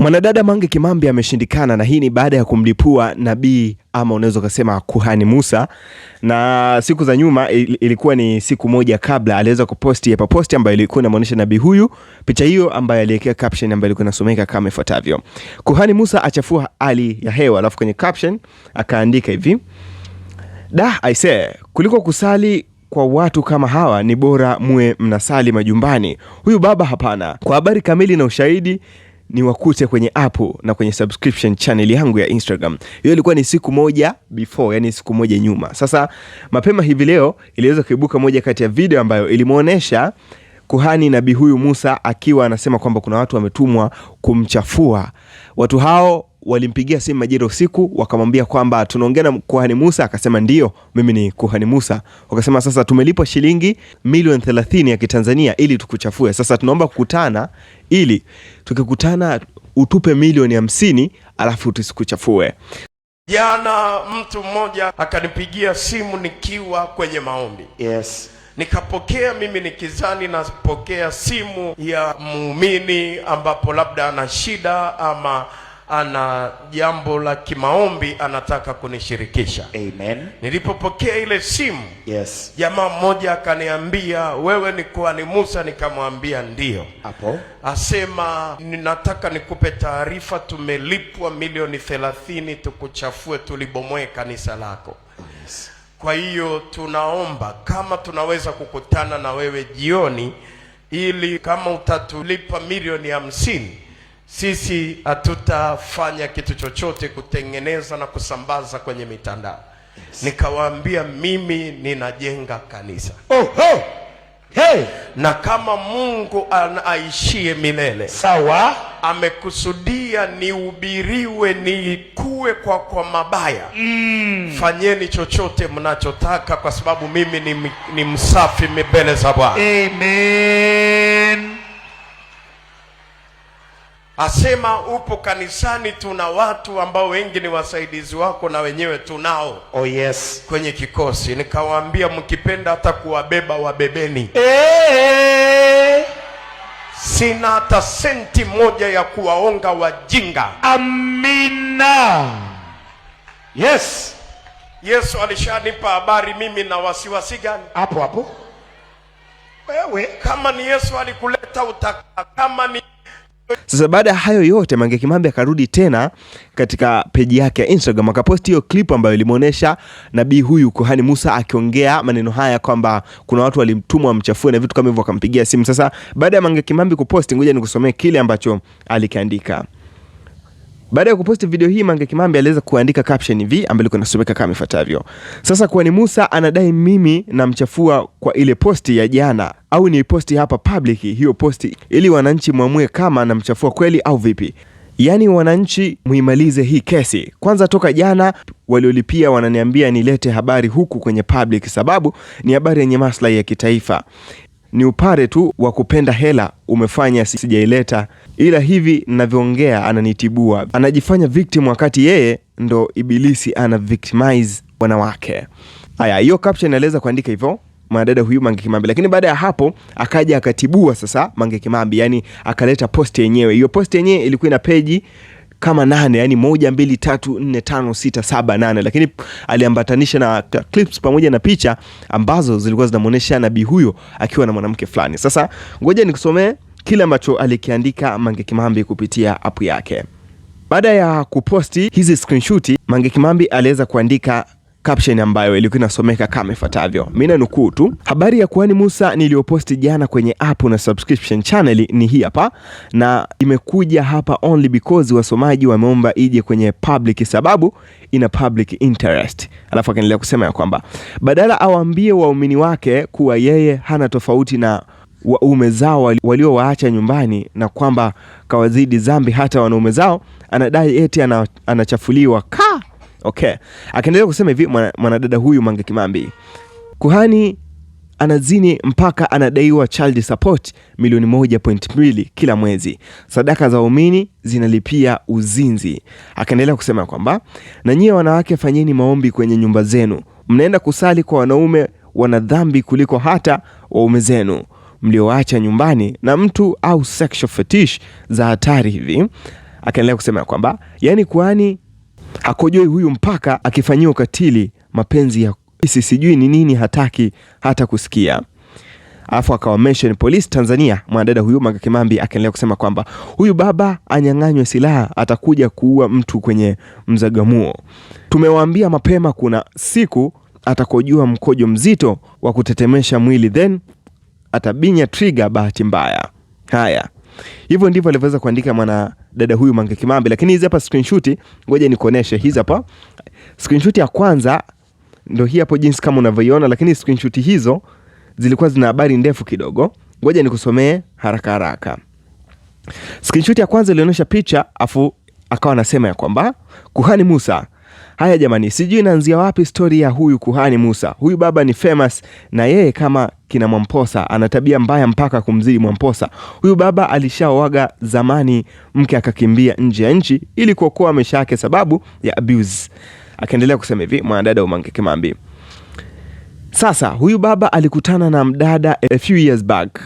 Mwanadada Mange Kimambi ameshindikana na hii ni baada ya kumlipua nabii ama unaweza ukasema kuhani Musa. Na siku za nyuma ilikuwa ni siku moja kabla aliweza kuposti hapa posti ambayo ilikuwa inamuonyesha nabii huyu, picha hiyo ambayo aliwekea caption ambayo ilikuwa inasomeka kama ifuatavyo: Kuhani Musa achafua hali ya hewa, alafu kwenye caption akaandika hivi da aisee, kuliko kusali kwa watu kama hawa ni bora muwe mnasali majumbani. Huyu baba hapana. Kwa habari kamili na ushahidi ni wakute kwenye ap na kwenye subscription channel yangu ya Instagram. Hiyo ilikuwa ni siku moja before, yani siku moja nyuma. Sasa mapema hivi leo iliweza kuibuka moja kati ya video ambayo ilimwonyesha kuhani nabii huyu Musa akiwa anasema kwamba kuna watu wametumwa kumchafua. Watu hao walimpigia simu majira usiku, wakamwambia kwamba tunaongea na kuhani Musa, akasema ndio mimi ni kuhani Musa. Wakasema sasa tumelipwa shilingi milioni thelathini ya Kitanzania ili tukuchafue, sasa tunaomba kukutana, ili tukikutana utupe milioni hamsini alafu tusikuchafue. Jana mtu mmoja akanipigia simu nikiwa kwenye maombi yes. Nikapokea mimi nikizani napokea simu ya muumini ambapo labda ana shida ama ana jambo la kimaombi anataka kunishirikisha. Amen. Nilipopokea ile simu, yes, jamaa mmoja akaniambia, wewe ni kuhani Musa? Nikamwambia ndio Hapo asema, ninataka nikupe taarifa, tumelipwa milioni thelathini tukuchafue, tulibomoe kanisa lako. Yes. Kwa hiyo tunaomba kama tunaweza kukutana na wewe jioni, ili kama utatulipa milioni hamsini sisi hatutafanya kitu chochote kutengeneza na kusambaza kwenye mitandao yes. Nikawaambia mimi ninajenga kanisa oh, oh. Hey. Na kama Mungu anaishie milele sawa, amekusudia nihubiriwe, nikuwe kwa kwa mabaya mm. Fanyeni chochote mnachotaka, kwa sababu mimi ni, ni msafi mbele za Bwana. Amen. Asema upo kanisani, tuna watu ambao wengi ni wasaidizi wako na wenyewe tunao. Oh yes, kwenye kikosi. Nikawaambia mkipenda hata kuwabeba wabebeni. Hey. Eh! Sina hata senti moja ya kuwaonga wajinga. Amina. Yes. Yesu alishanipa habari mimi na wasiwasi gani? Hapo hapo. Wewe kama ni Yesu alikuleta utakaa, kama ni sasa baada ya hayo yote, Mange Kimambi akarudi tena katika peji yake ya Instagram akaposti hiyo clip ambayo ilimuonesha nabii huyu Kuhani Musa akiongea maneno haya kwamba kuna watu walimtumwa wamchafue na vitu kama hivyo, akampigia simu. Sasa baada ya Mange Kimambi kuposti, ngoja nikusomee kile ambacho alikiandika. Baada ya kuposti video hii, Mange Kimambi aliweza kuandika caption hivi ambayo ilikuwa inasomeka kama ifuatavyo: sasa kwani Musa anadai mimi namchafua kwa ile posti ya jana, au ni posti hapa public hiyo posti, ili wananchi mwamue kama namchafua kweli au vipi? Yaani wananchi muimalize hii kesi kwanza. Toka jana waliolipia wananiambia nilete habari huku kwenye public, sababu ni habari yenye maslahi ya kitaifa ni upare tu wa kupenda hela umefanya sijaileta, ila hivi ninavyoongea ananitibua, anajifanya victim wakati yeye ndo ibilisi ana victimize wanawake. Haya, hiyo caption inaweza kuandika hivyo mwanadada huyu Mange Kimambi, lakini baada ya hapo akaja akatibua sasa Mange Kimambi, yani akaleta posti yenyewe. Hiyo posti yenyewe ilikuwa ina peji kama nane, yani moja, mbili, tatu, nne, tano, sita, saba, nane, lakini aliambatanisha na clips pamoja na picha ambazo zilikuwa zinamuonesha nabii huyo akiwa na mwanamke fulani. Sasa ngoja nikusomee kile ambacho alikiandika Mange Kimambi kupitia app yake. Baada ya kuposti hizi screenshot, Mange Kimambi aliweza kuandika caption ambayo ilikuwa inasomeka kama ifuatavyo, mimi nanukuu tu, habari ya kuhani Musa niliyoposti jana kwenye app na subscription channel ni hii hapa, na imekuja hapa only because wasomaji wameomba ije kwenye public, sababu ina public interest. Alafu akaendelea kusema ya kwamba badala awaambie waumini wake kuwa yeye hana tofauti na waume zao waliowaacha nyumbani na kwamba kawazidi dhambi hata wanaume zao, anadai eti anachafuliwa ka Okay. Akaendelea kusema hivi mwanadada huyu Mange Kimambi, kuhani anazini mpaka anadaiwa child support milioni moja point mbili kila mwezi. Sadaka za waumini zinalipia uzinzi. Akaendelea kusema kwamba na nyie wanawake fanyeni maombi kwenye nyumba zenu, mnaenda kusali kwa wanaume wana dhambi kuliko hata waume zenu mlioacha nyumbani na mtu au sexual fetish za hatari hivi. Akaendelea kusema kwamba yani kuhani hakojoi huyu mpaka akifanyiwa ukatili mapenzi ya isi sijui ni nini, hataki hata kusikia. Alafu akawa mention police Tanzania, mwanadada huyu Maga Kimambi akaendelea kusema kwamba huyu baba anyang'anywe silaha, atakuja kuua mtu kwenye Mzagamuo. Tumewaambia mapema, kuna siku atakojua mkojo mzito wa kutetemesha mwili, then atabinya trigger bahati mbaya. Haya. Hivyo ndivyo alivyoweza kuandika mwana dada huyu Mange Kimambi, lakini hizi hapa screenshot, ngoja nikuoneshe. Hizi hapa screenshot ya kwanza ndio hii hapo, jinsi kama unavyoiona, lakini screenshot hizo zilikuwa zina habari ndefu kidogo, ngoja nikusomee haraka haraka. Screenshot ya kwanza ilionyesha picha afu akawa anasema ya kwamba Kuhani Musa Haya jamani, sijui inaanzia wapi stori ya huyu kuhani Musa. Huyu baba ni famous na yeye kama kina Mwamposa ana tabia mbaya mpaka kumzidi Mwamposa. Huyu baba alishaoaga zamani, mke akakimbia nje ya nchi ili kuokoa maisha yake sababu ya abuse. Akaendelea kusema hivi mwanadada Mange Kimambi. Sasa huyu baba alikutana na mdada a few years back.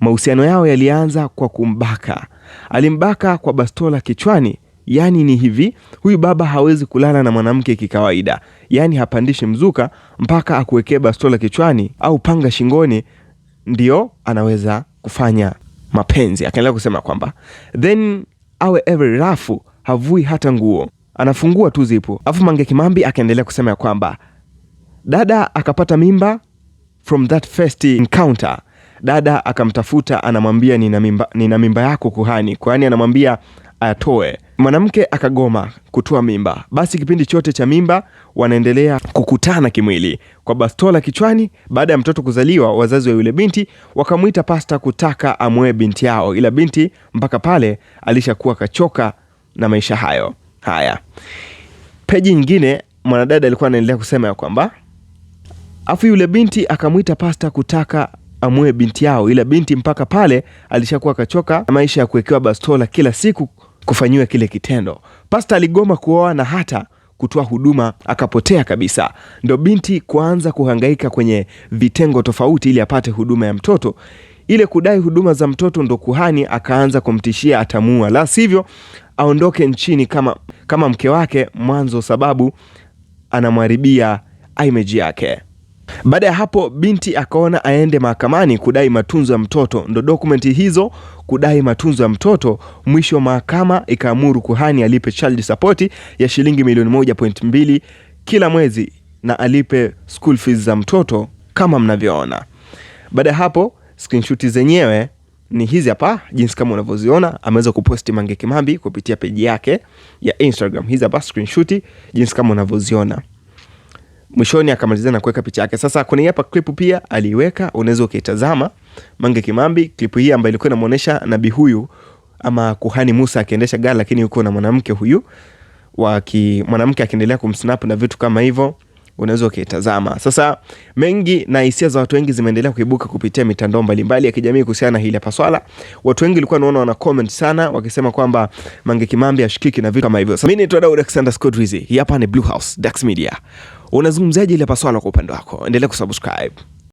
Mahusiano yao yalianza kwa kumbaka, alimbaka kwa bastola kichwani Yaani ni hivi, huyu baba hawezi kulala na mwanamke kikawaida, yaani hapandishi mzuka mpaka akuwekee bastola kichwani au panga shingoni, ndio anaweza kufanya mapenzi. Akaendelea kusema kwamba then awe ever rafu, havui hata nguo, anafungua tu zipu. Alafu Mange Kimambi akaendelea kusema ya kwamba dada akapata mimba from that first encounter Dada akamtafuta anamwambia, nina mimba, nina mimba yako kuhani. Kuhani anamwambia ayatoe. Mwanamke akagoma kutoa mimba, basi kipindi chote cha mimba wanaendelea kukutana kimwili kwa bastola kichwani. Baada ya mtoto kuzaliwa, wazazi wa yule binti wakamwita pasta kutaka amwoe binti yao, ila binti mpaka pale alishakuwa kachoka na maisha hayo. Haya, peji nyingine, mwanadada alikuwa anaendelea kusema ya kwamba afu yule binti akamwita pasta kutaka amue binti yao, ila binti mpaka pale alishakuwa kachoka na maisha ya kuwekewa bastola kila siku kufanyiwa kile kitendo. Pasta aligoma kuoa na hata kutoa huduma akapotea kabisa, ndo binti kuanza kuhangaika kwenye vitengo tofauti ili apate huduma ya mtoto. Ile kudai huduma za mtoto ndo kuhani akaanza kumtishia atamua la sivyo aondoke nchini kama, kama mke wake mwanzo, sababu anamharibia image yake. Baada ya hapo, binti akaona aende mahakamani kudai matunzo ya mtoto, ndo dokumenti hizo kudai matunzo ya mtoto. Mwisho mahakama ikaamuru kuhani alipe child support ya shilingi milioni 1.2 kila mwezi na alipe school fees za mtoto kama mnavyoona. Baada ya hapo, screenshot zenyewe ni hizi hapa, jinsi kama unavyoziona. Ameweza kuposti Mange Kimambi kupitia peji yake ya Instagram. Hizi hapa screenshot jinsi kama unavyoziona. Mwishoni akamalizia na kuweka picha yake. Sasa kuna hapa clip pia aliweka, unaweza ukitazama Mange Kimambi clip hii ambayo ilikuwa inamuonesha nabii huyu ama kuhani Musa akiendesha gari, lakini yuko na mwanamke huyu waki mwanamke akiendelea kumsnap na vitu kama hivyo, unaweza ukitazama. Sasa mengi na hisia za watu wengi zimeendelea kuibuka kupitia mitandao mbalimbali ya kijamii kuhusiana na hili hapa swala. Watu wengi walikuwa wanaona, wana comment sana wakisema kwamba Mange Kimambi ashikiki na vitu kama hivyo. Sasa mimi ni Alexander Scott Rizzi, hapa ni Blue House Dax Media. Unazungumzaje ile paswala kwa upande wako? Endelea kusubscribe.